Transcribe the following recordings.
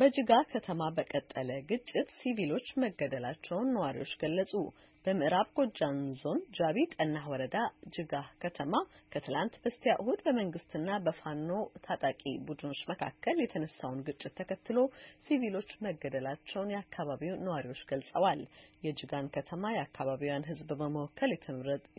በጅጋ ከተማ በቀጠለ ግጭት ሲቪሎች መገደላቸውን ነዋሪዎች ገለጹ። በምዕራብ ጎጃም ዞን ጃቢ ጠና ወረዳ ጅጋ ከተማ ከትላንት በስቲያ እሁድ በመንግስትና በፋኖ ታጣቂ ቡድኖች መካከል የተነሳውን ግጭት ተከትሎ ሲቪሎች መገደላቸውን የአካባቢው ነዋሪዎች ገልጸዋል። የጅጋን ከተማ የአካባቢውያን ህዝብ በመወከል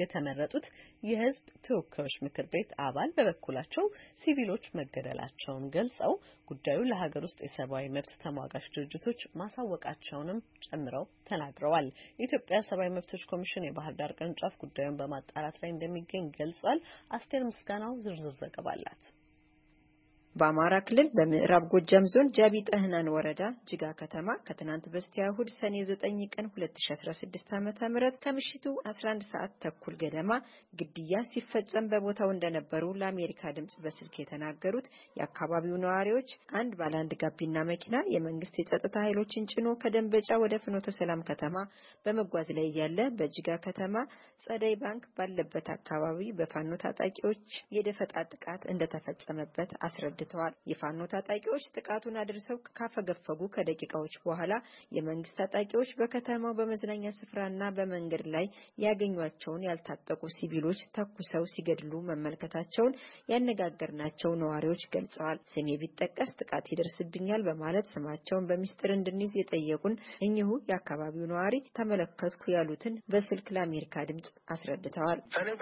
የተመረጡት የህዝብ ተወካዮች ምክር ቤት አባል በበኩላቸው ሲቪሎች መገደላቸውን ገልጸው ጉዳዩ ለሀገር ውስጥ የሰብአዊ መብት ተሟጋች ድርጅቶች ማሳወቃቸውንም ጨምረው ተናግረዋል። የኢትዮጵያ ሰብአዊ ሰብአዊ መብቶች ኮሚሽን የባህር ዳር ቅርንጫፍ ጉዳዩን በማጣራት ላይ እንደሚገኝ ገልጿል። አስቴር ምስጋናው ዝርዝር ዘገባ አላት። በአማራ ክልል በምዕራብ ጎጃም ዞን ጃቢ ጠህናን ወረዳ ጅጋ ከተማ ከትናንት በስቲያ እሁድ ሰኔ 9 ቀን 2016 ዓ.ም ከምሽቱ 11 ሰዓት ተኩል ገደማ ግድያ ሲፈጸም በቦታው እንደነበሩ ለአሜሪካ ድምፅ በስልክ የተናገሩት የአካባቢው ነዋሪዎች አንድ ባለ አንድ ጋቢና መኪና የመንግስት የጸጥታ ኃይሎችን ጭኖ ከደንበጫ ወደ ፍኖተ ሰላም ከተማ በመጓዝ ላይ እያለ በጅጋ ከተማ ጸደይ ባንክ ባለበት አካባቢ በፋኖ ታጣቂዎች የደፈጣ ጥቃት እንደተፈጸመበት አስረዳል። አስገድተዋል። የፋኖ ታጣቂዎች ጥቃቱን አድርሰው ካፈገፈጉ ከደቂቃዎች በኋላ የመንግስት ታጣቂዎች በከተማው በመዝናኛ ስፍራና በመንገድ ላይ ያገኟቸውን ያልታጠቁ ሲቪሎች ተኩሰው ሲገድሉ መመልከታቸውን ያነጋገርናቸው ነዋሪዎች ገልጸዋል። ስሜ ቢጠቀስ ጥቃት ይደርስብኛል በማለት ስማቸውን በሚስጥር እንድንይዝ የጠየቁን እኚሁ የአካባቢው ነዋሪ ተመለከትኩ ያሉትን በስልክ ለአሜሪካ ድምጽ አስረድተዋል። በተለይ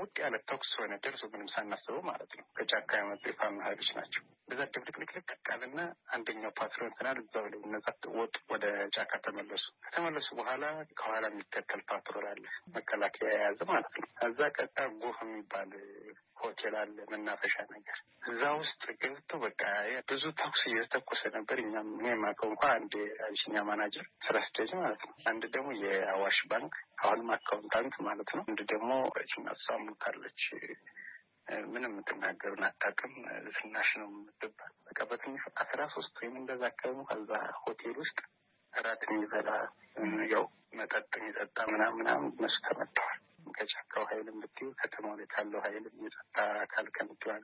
ውድ ያለ ተኩስ ሆነ ደርሶ ምንም ሳናስበው ማለት ነው ከጫካ የመጡ የፋኖ ኃይሎች ናቸው ናቸው። በዛ ድብልቅልቅልቅ ቃልና አንደኛው ፓትሮን ትናል እዛው ላይ እነዛ ወጥ ወደ ጫካ ተመለሱ። ከተመለሱ በኋላ ከኋላ የሚከተል ፓትሮል አለ፣ መከላከያ የያዘ ማለት ነው። እዛ ቀጣ ጎህ የሚባል ሆቴል አለ፣ መናፈሻ ነገር። እዛ ውስጥ ገብተው በቃ ብዙ ተኩስ እየተኮሰ ነበር። እኛም እኔ የማውቀው እንኳ አንድ አቢሲኒያ ማናጀር ስራ ስቴጅ ማለት ነው፣ አንድ ደግሞ የአዋሽ ባንክ አሁንም አካውንታንት ማለት ነው፣ አንድ ደግሞ ችናሳ ምንም የምትናገሩ አታውቅም፣ ዝናሽ ነው የምትባል። በቃ በትንሽ አስራ ሶስት ወይም እንደዛ አካባቢ ከዛ ሆቴል ውስጥ እራት የሚበላ ያው መጠጥ የሚጠጣ ምናምን ምናምን እነሱ ተመጥተዋል። ከጫካው ኃይል ብትዩ ከተማ ላይ ካለው ኃይል የጸጥታ አካል ከምትዋ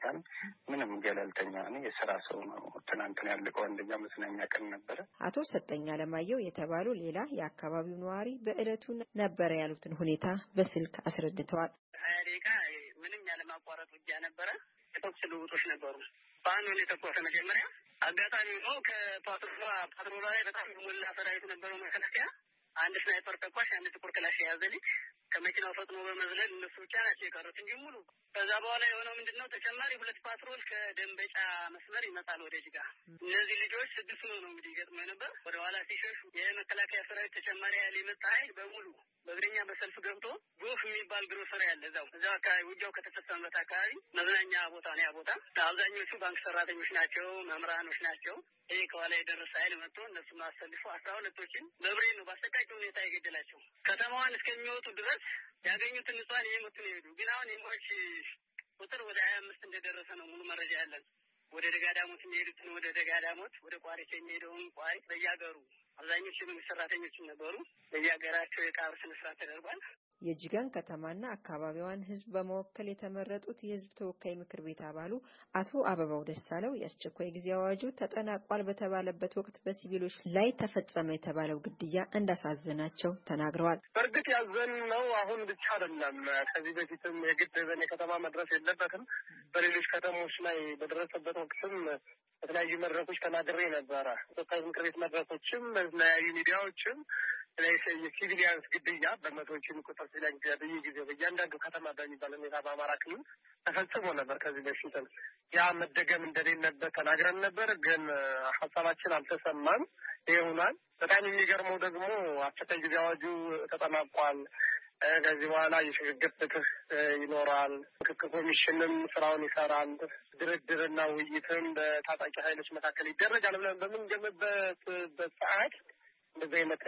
ምንም ገለልተኛ ነው። የስራ ሰው ነው። ትናንትን ያለቀው አንደኛ መዝናኛ ቀን ነበረ። አቶ ሰጠኛ አለማየሁ የተባሉ ሌላ የአካባቢው ነዋሪ በእለቱ ነበረ ያሉትን ሁኔታ በስልክ አስረድተዋል። ምንም ያለማቋረጥ ውጊያ ነበረ። የተኩስ ልውጦች ነበሩ። በአንድ ሆነ የተኮሰ መጀመሪያ አጋጣሚ ነው። ከፓትሮላ ፓትሮላ ላይ በጣም የሞላ ሰራዊት ነበረው መከላከያ። አንድ ስናይፐር ተኳሽ፣ አንድ ጥቁር ክላሽ የያዘ ልጅ ከመኪናው ፈጥኖ በመዝለል እነሱ ብቻ ናቸው የቀሩት እንጂ ሙሉ ከዛ በኋላ የሆነው ምንድን ነው? ተጨማሪ ሁለት ፓትሮል ከደንበጫ መስመር ይመጣል ወደ ጅጋ። እነዚህ ልጆች ስድስት ነው ነው እንግዲህ ገጥሞ ነበር። ወደ ኋላ ሲሸሹ የመከላከያ ሰራዊት ተጨማሪ ያህል የመጣ ሀይል በሙሉ በእግረኛ በሰልፍ ገብቶ ጎፍ የሚባል ግሮሰሪ ያለ እዛው እዛው አካባቢ ውጊያው ከተፈጸመበት አካባቢ መዝናኛ ቦታ ነው ያ ቦታ። አብዛኞቹ ባንክ ሰራተኞች ናቸው፣ መምህራኖች ናቸው። ይህ ከኋላ የደረሰ ሀይል መጥቶ እነሱ አሰልፎ አስራ ሁለቶችን በብሬ ነው በአሰቃቂ ሁኔታ የገደላቸው። ከተማዋን እስከሚወጡ ድረስ ያገኙትን ንጽዋን የመቱ ነው የሄዱ። ግን አሁን ይሞች ቁጥር ወደ ሀያ አምስት እንደደረሰ ነው ሙሉ መረጃ ያለን። ወደ ደጋዳሞት የሚሄዱትን ወደ ደጋዳሞት፣ ወደ ቋሪት የሚሄደውን ቋሪት፣ በየሀገሩ አብዛኞቹ የመንግስት ሰራተኞችም ነበሩ። በየሀገራቸው የቀብር ስነስርዓት ተደርጓል። የጅጋን ከተማና አካባቢዋን ህዝብ በመወከል የተመረጡት የህዝብ ተወካይ ምክር ቤት አባሉ አቶ አበባው ደሳለው የአስቸኳይ ጊዜ አዋጁ ተጠናቋል በተባለበት ወቅት በሲቪሎች ላይ ተፈጸመ የተባለው ግድያ እንዳሳዘናቸው ተናግረዋል። በእርግጥ ያዘን ነው። አሁን ብቻ አይደለም። ከዚህ በፊትም የግድ ዘን የከተማ መድረስ የለበትም። በሌሎች ከተሞች ላይ በደረሰበት ወቅትም በተለያዩ መድረኮች ተናግሬ ነበረ። ተወካዮች ምክር ቤት መድረኮችም በተለያዩ ሚዲያዎችም የሲቪሊያንስ ግድያ በመቶዎች የሚቆጠር ሲቪሊያን ግድያ በየጊዜው በእያንዳንዱ ከተማ በሚባል ሁኔታ በአማራ ክልል ተፈጽሞ ነበር። ከዚህ በፊትም ያ መደገም እንደሌለበት ተናግረን ነበር፣ ግን ሀሳባችን አልተሰማም። ይሆናል በጣም የሚገርመው ደግሞ አስቸኳይ ጊዜ አዋጁ ተጠናቋል ከዚህ በኋላ የሽግግር ፍትህ ይኖራል። ምክክር ኮሚሽንም ስራውን ይሰራል። ድርድርና ውይይትም በታጣቂ ኃይሎች መካከል ይደረጋል ብለን በምንገምበት ሰዓት እንደዚህ አይነት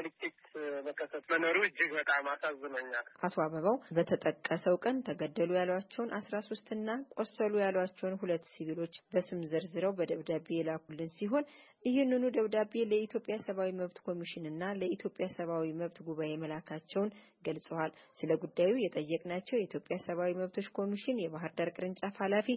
መከሰት መኖሩ እጅግ በጣም አሳዝኖኛል። አቶ አበባው በተጠቀሰው ቀን ተገደሉ ያሏቸውን አስራ ሶስት እና ቆሰሉ ያሏቸውን ሁለት ሲቪሎች በስም ዘርዝረው በደብዳቤ የላኩልን ሲሆን ይህንኑ ደብዳቤ ለኢትዮጵያ ሰብአዊ መብት ኮሚሽን እና ለኢትዮጵያ ሰብአዊ መብት ጉባኤ መላካቸውን ገልጸዋል። ስለ ጉዳዩ የጠየቅናቸው የኢትዮጵያ ሰብአዊ መብቶች ኮሚሽን የባህር ዳር ቅርንጫፍ ኃላፊ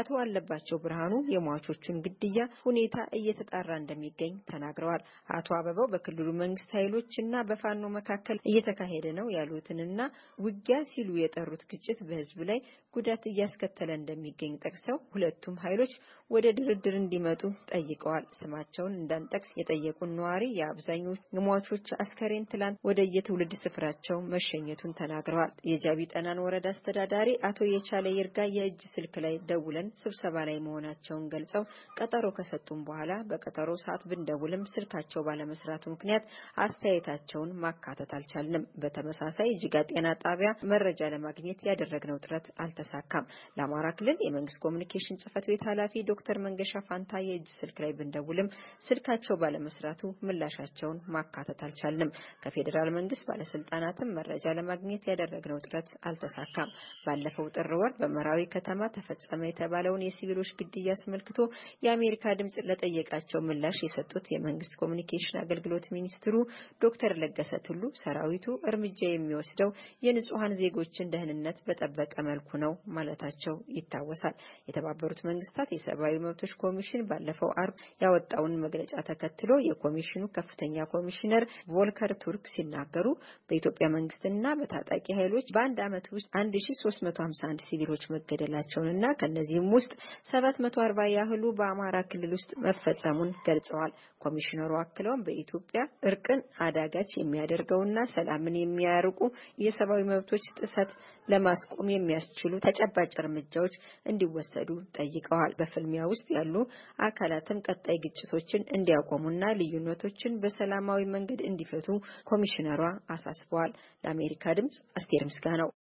አቶ አለባቸው ብርሃኑ የሟቾቹን ግድያ ሁኔታ እየተጣራ እንደሚገኝ ተናግረዋል። አቶ አበባው በክልሉ መንግስት ኃይሎች እና በፋኖ መካከል እየተካሄደ ነው ያሉትንና ውጊያ ሲሉ የጠሩት ግጭት በህዝብ ላይ ጉዳት እያስከተለ እንደሚገኝ ጠቅሰው ሁለቱም ኃይሎች ወደ ድርድር እንዲመጡ ጠይቀዋል። ስማቸውን እንዳንጠቅስ የጠየቁን ነዋሪ የአብዛኞቹ ሟቾች አስከሬን ትላንት ወደ የትውልድ ስፍራቸው መሸኘቱን ተናግረዋል። የጃቢ ጠናን ወረዳ አስተዳዳሪ አቶ የቻለ ይርጋ የእጅ ስልክ ላይ ደውለን ስብሰባ ላይ መሆናቸውን ገልጸው ቀጠሮ ከሰጡን በኋላ በቀጠሮ ሰዓት ብንደውልም ስልካቸው ባለመስራቱ ምክንያት ምክንያት አስተያየታቸውን ማካተት አልቻልንም። በተመሳሳይ ጅጋ ጤና ጣቢያ መረጃ ለማግኘት ያደረግነው ጥረት አልተሳካም። ለአማራ ክልል የመንግስት ኮሚኒኬሽን ጽህፈት ቤት ኃላፊ ዶክተር መንገሻ ፋንታ የእጅ ስልክ ላይ ብንደውልም ስልካቸው ባለመስራቱ ምላሻቸውን ማካተት አልቻልንም። ከፌዴራል መንግስት ባለስልጣናትም መረጃ ለማግኘት ያደረግነው ጥረት አልተሳካም። ባለፈው ጥር ወር በመራዊ ከተማ ተፈጸመ የተባለውን የሲቪሎች ግድያ አስመልክቶ የአሜሪካ ድምፅ ለጠየቃቸው ምላሽ የሰጡት የመንግስት ኮሚኒኬሽን አገልግሎት ሚኒስ ሚኒስትሩ ዶክተር ለገሰ ቱሉ ሰራዊቱ እርምጃ የሚወስደው የንጹሃን ዜጎችን ደህንነት በጠበቀ መልኩ ነው ማለታቸው ይታወሳል። የተባበሩት መንግስታት የሰብአዊ መብቶች ኮሚሽን ባለፈው አርብ ያወጣውን መግለጫ ተከትሎ የኮሚሽኑ ከፍተኛ ኮሚሽነር ቮልከር ቱርክ ሲናገሩ በኢትዮጵያ መንግስትና በታጣቂ ኃይሎች በአንድ ዓመት ውስጥ 1351 ሲቪሎች መገደላቸውንና ከእነዚህም ውስጥ 740 ያህሉ በአማራ ክልል ውስጥ መፈጸሙን ገልጸዋል። ኮሚሽነሩ አክለውም በኢትዮጵያ እርቅን አዳጋች የሚያደርገውና ሰላምን የሚያርቁ የሰብአዊ መብቶች ጥሰት ለማስቆም የሚያስችሉ ተጨባጭ እርምጃዎች እንዲወሰዱ ጠይቀዋል። በፍልሚያ ውስጥ ያሉ አካላትም ቀጣይ ግጭቶችን እንዲያቆሙና ልዩነቶችን በሰላማዊ መንገድ እንዲፈቱ ኮሚሽነሯ አሳስበዋል። ለአሜሪካ ድምጽ አስቴር ነው።